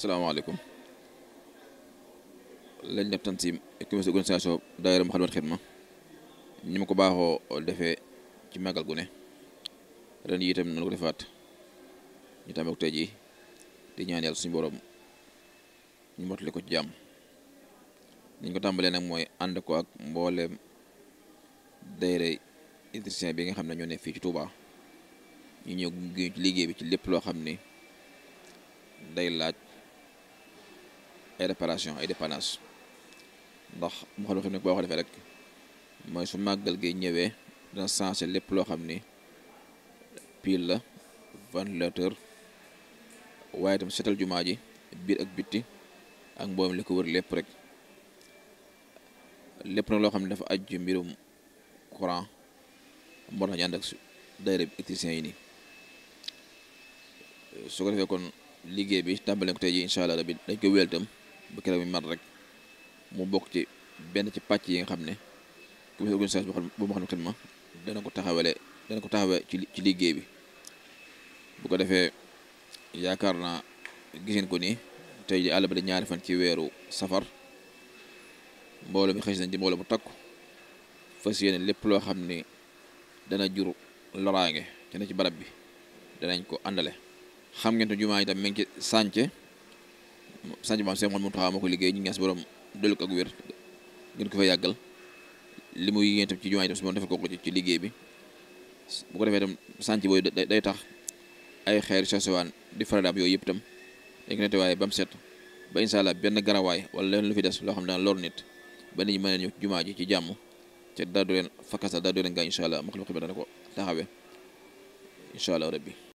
salaamaaleykum lañ def tansim ak comité organisation daayira Moukhaddamatoul Khidma ni ma ko baaxoo defee ci màggal gune ne ren yi itam noonu ko defaat ñu tàmbali ko tey jii di ñaan yàlla suñu borom ñu mottali ko ci jàmm niñ ko tàmbalee nag mooy ànd ko ak mbooleem daayira électricien bi nga xam ne ñoo ne fii ci Touba ñu ñëw gunge ci liggéey bi ci lépp loo xam ni day laaj ay réparation ay dépannage ndax mu xam ne boo ko defee rek mooy su màggal gi ñëwee dana changé lépp loo xam ni pile la ventilateur waaye itam seetal jumaa ji biir ak bitti ak mboom li ko wër lépp rek lépp nag loo xam ne dafa ajju mbirum courant moo tax ñu ànd ak daayira électricien yi nii su ko defee kon liggéey bi tàmbale ko tey ji incha allah rabbi dañ ko wéyal itam ba keroog mi mat rek mu bokk ci benn ci pàcc yi nga xam ne comité organisation bu ma xam ne ma dana ko taxawale dana ko taxawale ci ci liggéey bi bu ko defee yaakaar naa giseen ko ni tey ji àll ba di ñaari fan ci weeru safar mboolo mi xëy nañ ci mbooloo mu takku fas yéene lépp loo xam ni dana jur loraange te na ci barab bi danañ ko àndale xam ngeen te jumaa itam mi ngi ci sànci maam Cheikh Mouhamed Mountakha moo ko liggéey ñu ngi ñaan borom dolli ko ak wér ngeen ko fa yàggal li mu yéen tam ci jumaa itam su ma defal ko ko ci liggéey bi bu ko defee itam sànci boobu day tax ay xeer sosewaan di faradaab yooyu yëpp tam dañ ko nettoyé ba mu set ba incha allah benn garawaay wala leen lu fi des loo xam ne daan lool nit ba nit ñi mën a ñëw jumaa ji ci jàmm te daa du leen fakkasal daa du leen gaañ incha allah ma xam ne dana ko taxawee incha allah